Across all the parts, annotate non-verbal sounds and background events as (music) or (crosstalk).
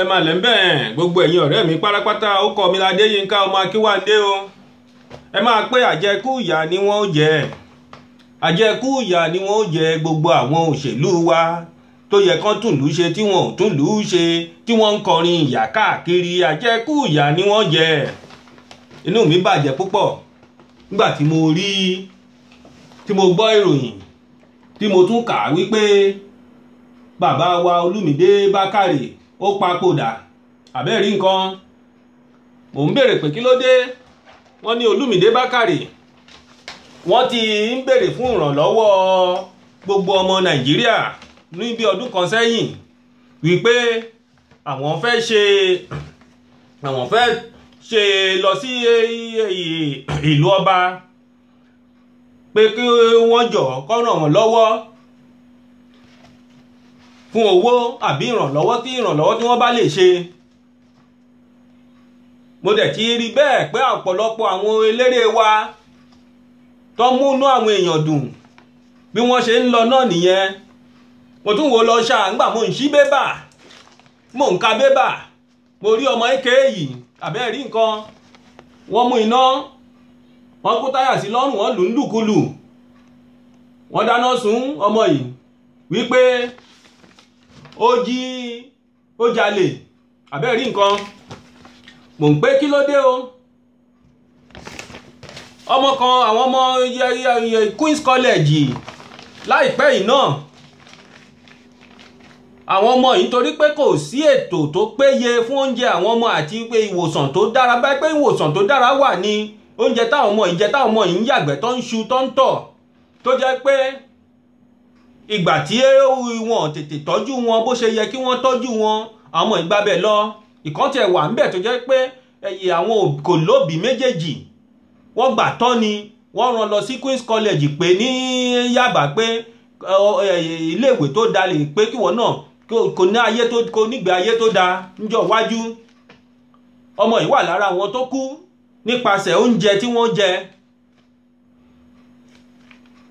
ẹ máa lẹ̀ ń bẹ́ẹ̀ gbogbo ẹ̀yin ọ̀rẹ́ mi pátápátá ó kọ́ mi ládé yínká ọmọ akíwáńdé o ẹ máa pé àjẹkù ìyà ni wọ́n ó jẹ àjẹkù ìyà ni wọ́n ó jẹ gbogbo àwọn òṣèlú wa tó yẹ kán tùlù ṣe tí wọn ò tùlù ṣe tí wọ́n ń kọrin ìyà káàkiri àjẹkù ìyà ni wọ́n jẹ inú mi bàjẹ́ púpọ̀ nígbà tí mo rí tí mo gbọ́ ìròyìn tí mo tún kà wípé bàbá wa Olúmídé Bákàrè ó papòdà àbẹ́rí nǹkan mò ń béèrè pé kí ló dé wọ́n ní Olúmídé Bákàrè wọ́n ti ń béèrè fún ìrànlọ́wọ́ gbogbo ọmọ Nàìjíríà ní bí ọdún kan sẹ́yìn wípé àwọn fẹ́ ṣe àwọn fẹ́ ṣe lọ sí ìlú ọba pé kí wọ́n jọ̀ kó ràn wọ́n lọ́wọ́ fún owó àbí ìrànlọ́wọ́ tí ìrànlọ́wọ́ tí wọ́n bá lè ṣe mo dẹ̀ ti rí bẹ́ẹ̀ pé ọ̀pọ̀lọpọ̀ àwọn eléré wa tó múnú àwọn èèyàn dùn bí wọ́n ṣe ń lọ náà nìyẹn mo tún wò lọ ṣáà ńgbà mo ń ṣí bébà mo ń ka bébà mo rí ọmọ eke yìí àbẹ́ nǹkan wọ́n mú iná wọ́n kó táyà sí lọ́rùn wọ́n lù ń lùkulù wọ́n dáná sun ọmọ yìí wípé ó jí ó jalè àbẹ́ rí nǹkan mò ń pé kí ló dé o ọmọ kan àwọn ọmọ Queen's College láìpẹ́ yìí náà àwọn ọmọ yìí torí pé kò sí ètò tó péye fún oúnjẹ àwọn ọmọ àti pé ìwòsàn tó dára báyìí pé ìwòsàn tó dára wà ní oúnjẹ táwọn ọmọ yìí táwọn ọmọ yìí ń yàgbẹ́ tó ń ṣu tó ń tọ̀ tó jẹ́ pé ìgbà tí wọn tètè tọ́jú wọn bó ṣe yẹ kí wọ́n tọ́jú wọn àwọn ìgbà bẹ̀ lọ ìkọ́ntẹ̀ wà ńbẹ̀ tó jẹ́ pé ẹ̀yìn àwọn kò lóbi méjèèjì wọ́n gbà tọ́ ni wọ́n rán lọ sí Queen's College pé ní Yaba pé iléèwé tó da lè pé kíwọ náà kò ní ayé tó kò nígbé ayé tó da níjọ́ iwájú ọmọ yìí wà lára àwọn tó kú nípasẹ̀ oúnjẹ tí wọ́n jẹ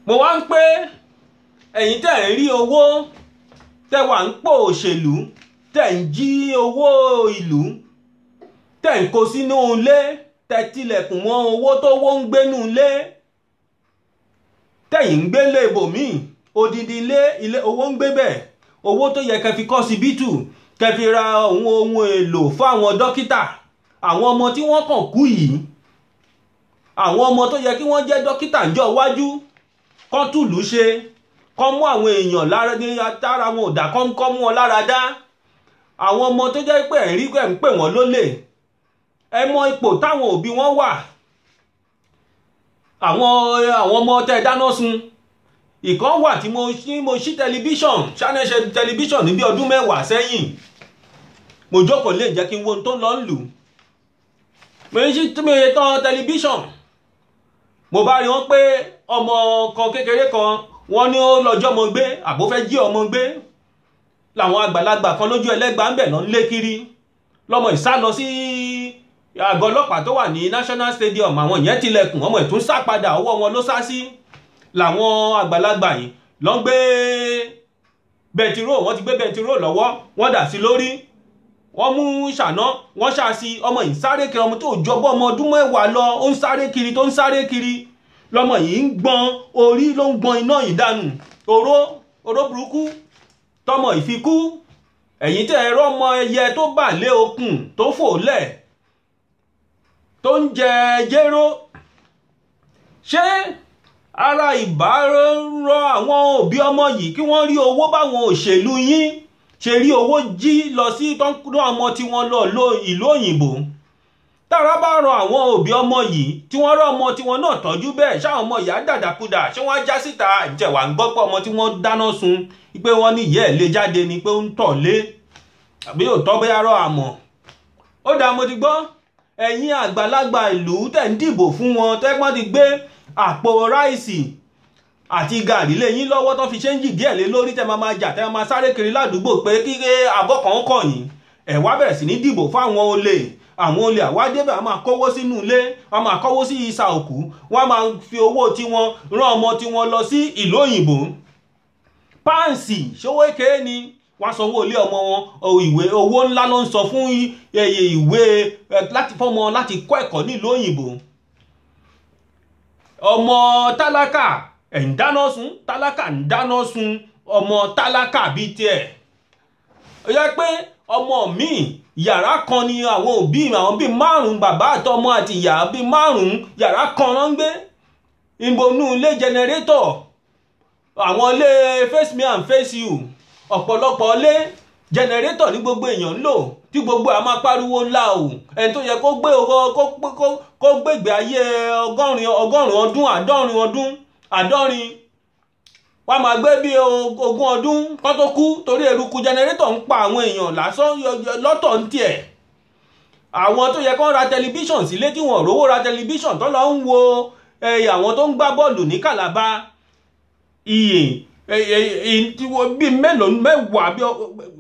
mo wá ń pé ẹ̀yin tẹ̀ ń rí owó tẹ̀ wà ń pò òṣèlú tẹ̀ ń jí owó ìlú tẹ̀ ń kó sínú ilé tẹ̀ tilẹ̀kùn mọ́ owó tó wó ń gbénú ilé tẹ̀yìn ń gbélé ibòmíì odidi ilé ilé owó ń gbé bẹ́ẹ̀ owó tó yẹ kẹ́ kọ́ sí bítù kẹ́ ra ohun ohun èlò fáwọn dókítà àwọn ọmọ tí wọ́n kàn kú yìí àwọn ọmọ tó yẹ kí wọ́n jẹ́ dókítà ńjọ́ iwájú kọ́tùlù ṣe kọ́ mú àwọn èèyàn lára ní tára wọn ò dá kọ́ ń kọ́ mú wọn lára dá àwọn ọmọ tó jẹ́ pé ẹ̀rí ẹ̀ ń pè wọ́n lólè ẹ mọ ipò táwọn òbí wọn wà àwọn àwọn ọmọ tẹ dáná sun ìkan wà tí mo ṣí mo ṣí tẹlifíṣàn ṣánẹṣẹ tẹlifíṣàn ní bí ọdún mẹ́wàá sẹ́yìn mo jókòó lè jẹ́ kí n wo ohun tó ń lọ ń lù mo ń ṣí mi tán tẹlifíṣàn mo bá rí wọn pé ọmọ kan kékeré kan wọ́n ní ó lọ́jọ́ ọmọ gbé àbó fẹ́ jí ọmọ gbé làwọn àgbàlagbà kan lójú ẹlẹ́gbàá ń bẹ̀ lọ́n lé kiri lọ́mọ ìsá lọ sí àgọ́ ọlọ́pàá tó wà ní national stadium àwọn ìyẹn tilẹ̀kùn ọmọ ìtún sá padà ọwọ́ wọn ló sá sí làwọn àgbàlagbà yìí lọ́n gbé bẹntiró wọ́n ti gbé bẹntiró lọ́wọ́ wọ́n dà sí lórí wọ́n mú ṣàná wọ́n ṣàṣì ọmọ ìsáré kiri ọmọ tó jọgbọ́ ọmọ ọdún mẹ́wàá lọ ó ń sáré kiri tó ń sáré kiri lọ́mọ yìí ń gbọ́n orí ló ń gbọ́n iná yìí dànù oró oró burúkú tọmọ ìfikú ẹ̀yìn tẹ́ ẹ̀rọ ọmọ ẹyẹ tó bà lé okùn tó fò lẹ̀ tó ń jẹ jéró ṣé ara ìbárọ̀ àwọn òbí ọmọ yìí kí wọ́n rí owó báwọn òṣèlú yín ṣe rí owó jí lọ sí tọ́ńkúrò ọmọ tí wọ́n lọ ìlú òyìnbó tára bá ran àwọn òbí ọmọ yìí tí wọ́n rán ọmọ tiwọn náà tọ́jú bẹ́ẹ̀ ṣáwọn ọmọ yìí á ṣé wọ́n já síta ìjẹ̀wà ń gbọ́ pé ọmọ tí wọ́n dáná sun pé wọ́n ní ìyẹ́ ẹ̀ lè jáde ni pé ó ń tọ̀ lé àbí ò tọ́ bóyá rọ àmọ́ ó dá mo ti gbọ́ ẹ̀yin àgbàlagbà ìlú tẹ̀ ń dìbò fún wọn tẹ́gbọ́n ti gbé àpò ráìsì àti gàrí lé lọ́wọ́ tó fi ṣéǹjì díẹ̀ lé lórí tẹ́ máa máa jà tẹ́ máa sáré kiri ládùúgbò pé kíkẹ́ àbọ̀kàn kọ̀ yín ẹ wá bẹ̀rẹ̀ sí ní dìbò fáwọn olè àwọn olè àwádébẹ̀ a máa kọ́wọ́ sínú ilé a máa kọ́wọ́ sí ìsà òkú wọ́n a máa fi owó tiwọn rán ọmọ tiwọn lọ sí ìlú òyìnbó páǹsì ṣówó kéé ni wọ́n sanwó ilé ọmọ wọn ìwé owó ńlá ló ń sọ fún ìwé láti fọ́mọ láti kọ́ ẹ̀kọ́ nílùú òyìnbó ọmọ tálákà ẹ̀ ń dáná sun tálákà ń dáná sun ọmọ tálákà bíi tiẹ̀ ó yẹ pé ọmọ mi yàrá kan ni àwọn òbí mi àwọn bíi márùn bàbá àtọmọ àti ìyá bíi márùn yàrá kan ló ń gbé ìbònú ilé jẹnẹrétọ̀ àwọn ilé face me and face you ọ̀pọ̀lọpọ̀ ilé jẹnẹrétọ̀ ní gbogbo èèyàn ń lò tí gbogbo a máa pariwo ńlá o ẹni tó yẹ kó gbé kó gbégbé ayé ọgọ́rin ọgọ́rin ọdún àádọ́rin ọdún àádọ́rin wàá máa gbé bí ogún ọdún kán tó kú torí eruku jẹnẹrétọ̀ ń pa àwọn èèyàn lásán lọ́tọ̀ ń tiẹ̀ àwọn tó yẹ kán ra tẹlifíṣàn sílé tí wọn rówó ra tẹlifíṣàn tó lọ ń wo àwọn tó ń gbá bọ́ọ̀lù ní Kàlábá iye bíi mélòó mẹ́wàá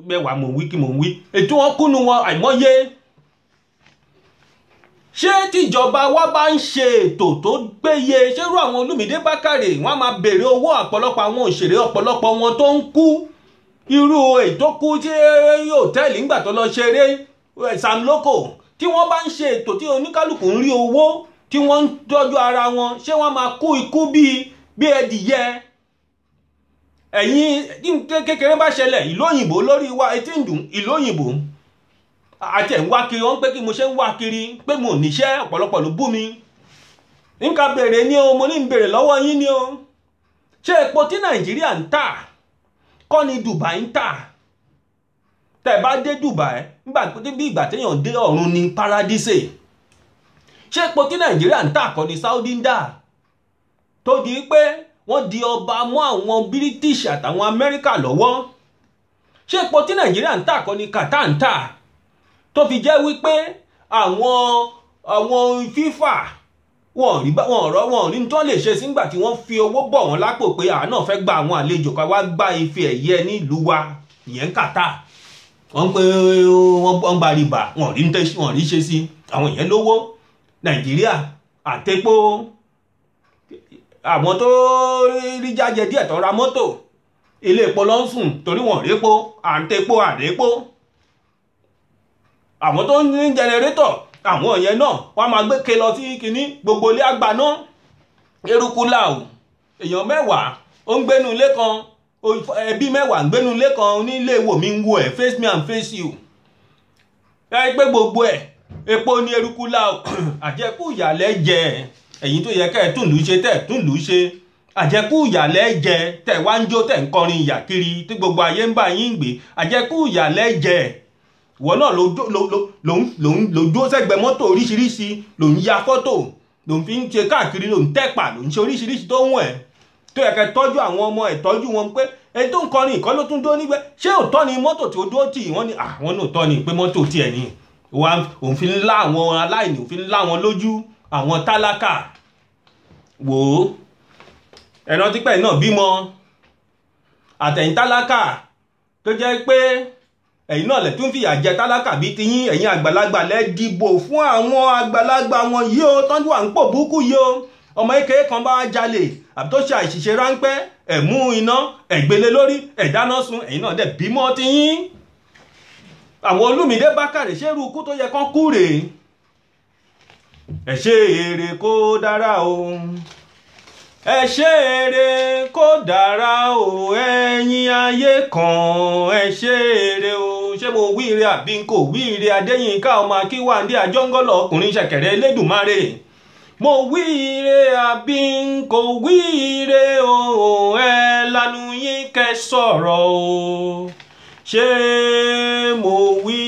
mẹ́wàá mò ń wí kí mò ń wí ètò wọn kúnnu wọn àìmọye ṣé tíjọba wa bá ń ṣe ètò tó gbéye ṣérú àwọn Olúmídé Bákàrè wọn a máa béèrè owó ọ̀pọ̀lọpọ̀ àwọn òṣèré ọ̀pọ̀lọpọ̀ wọn tó ń kú irú ètò kú tí hòtẹ́ẹ̀lì ń gbà tó lọ ṣeré eh, Sam Loco tí wọ́n bá ń ṣe ètò tí oníkálukú ń rí owó tí wọ́n ń tọ́jú ara wọn ṣé wọ́n máa kú ikú bíi bí ẹdìyẹ ẹ̀yin kékeré bá ṣẹlẹ̀ ìlú lórí wa etí ń dùn ìlú àti ẹ̀ ń wá kiri wọ́n ń pé kí mo ṣe ń wá kiri pé mo níṣẹ́ ọ̀pọ̀lọpọ̀ ló bú mi nǹkan béèrè ni o mo ní ń béèrè lọ́wọ́ yín ni o ṣé epo tí nàìjíríà ń tà kọ́ ni dubai ń tà tẹ̀ bá dé dubai bí ìgbà téèyàn dé ọ̀run ní paradise ṣé epo tí nàìjíríà ń tà kọ́ ni saudi ń dà tó di pé wọ́n di ọba mọ́ àwọn british àtàwọn amẹ́ríkà lọ́wọ́ ṣé epo tí nàìjíríà ń tà kọ́ ni qatar ń tà. tó fi jẹ́ wípé àwọn àwọn FIFA, wọn rí bá wọn ọ̀rọ̀ wọn ní tó lè ṣe sígbà tí wọ́n fi owó bọ̀ wọ́n lápò pé àánà fẹ́ gba àwọn àlejò ká wá gba ife ẹ̀yẹ nílùú wa ìyẹn kàtà wọ́n pé wọ́n gba rìbà wọn rí wọn rí ṣe sí àwọn ìyẹn lówó nàìjíríà àtẹ́pó àwọn tó rí jájẹ díẹ̀ tó ra mọ́tò ilé epo lọ́sùn torí wọn rí epo àtẹ́pó àrẹ́pó àwọn tó ní jẹnẹrétọ̀ àwọn yẹn náà wọ́n á máa gbé ke lọ sí kínní gbogbo ilé àgbàná eruku làwù èèyàn mẹ́wàá ó ń gbénu ilé kan ẹbí mẹ́wàá ń gbénu ilé kan onílé wò mí ń wo ẹ̀ face me and face you ẹ pé gbogbo ẹ̀ epo ní eruku làwù (clears throat) àjẹkù ìyàlẹ́ jẹ ẹ̀yìn tó yẹ kẹ́ ẹ̀ túnlù ṣe tẹ̀ túnlù ṣe àjẹkù ìyàlẹ́ jẹ tẹ̀ wá ń jó tẹ̀ ń kọrin ìyà kiri tí gbogbo ayé ń bá yín gbé àjẹkù ìyàlẹ́ jẹ wọ́n náà ló dúró sẹ́gbẹ̀ẹ́ mọ́tò oríṣiríṣi ló ń ya fọ́tò ló ń fi ń ṣe káàkiri ló ń tẹ́pà ló ń ṣe oríṣiríṣi tó ń wọ̀ ẹ́ tó yẹ kẹ́ tọ́jú àwọn ọmọ ẹ̀ tọ́jú wọn pé ẹni tó ń kọrin ìkọ́ ló tún dúró nígbẹ́ ṣé òótọ́ ni mọ́tò tí ó dúró tì wọ́n ní àwọn náà tọ́ ni pé mọ́tò tiẹ̀ ni òun fi ń lá àwọn aláìní òun fi ń lá wọn lójú àwọn tálákà wò ó ẹ̀rọ tipẹ́ náà bímọ àtẹ̀yìn tálákà tó jẹ́ pé ẹ̀yin náà lẹ̀ tún fìyà jẹ tálákà bíi ti yín ẹ̀yin àgbàlagbà lẹ́ dìbò fún àwọn àgbàlagbà wọn yìí o tọ́jú à ń pò búkú yìí o ọmọ eke kan bá jalè àbí tó ṣe àṣìṣe ráńpẹ́ ẹ̀ mú iná ẹ̀ gbélé lórí ẹ̀ dáná sun ẹ̀yin náà dẹ̀ bímọ ti yín àwọn Olúmídé Bákàrè ṣé irú ikú tó yẹ kán kú rèé ẹ ṣe èrè kó dára o ẹ ṣe èrè kó dára o ẹ̀yin ayé kan ẹ ṣe èrè o ṣé mo wí ire àbí n kò wí ire adéyínká ọmọ akínwándé àjọngọ́lọ̀ ọkùnrin ṣẹ̀kẹ̀rẹ̀ elédùnmáre mo wí ire àbí n o ẹ lanu yín kẹ́ sọ̀rọ̀ o ṣé mo wí